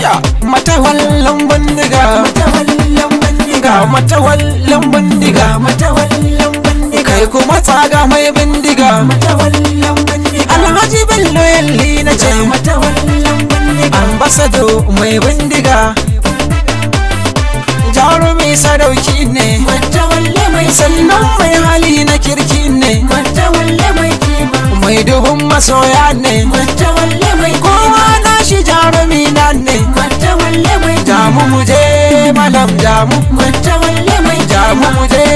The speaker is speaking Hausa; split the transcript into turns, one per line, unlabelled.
matawallan
bandiga matawallan bandiga matawallan bandiga matawallan bandiga kai kuma tsaga mai bandiga matawallan bandiga alhaji bello yalli na ce matawallan bandiga ambasado mai bandiga jarumi sadauki ne matawalle mai sannan mai hali na kirki ne matawalle mai kima mai duhun masoya ne malam jamu, mai jamu mai jamu mu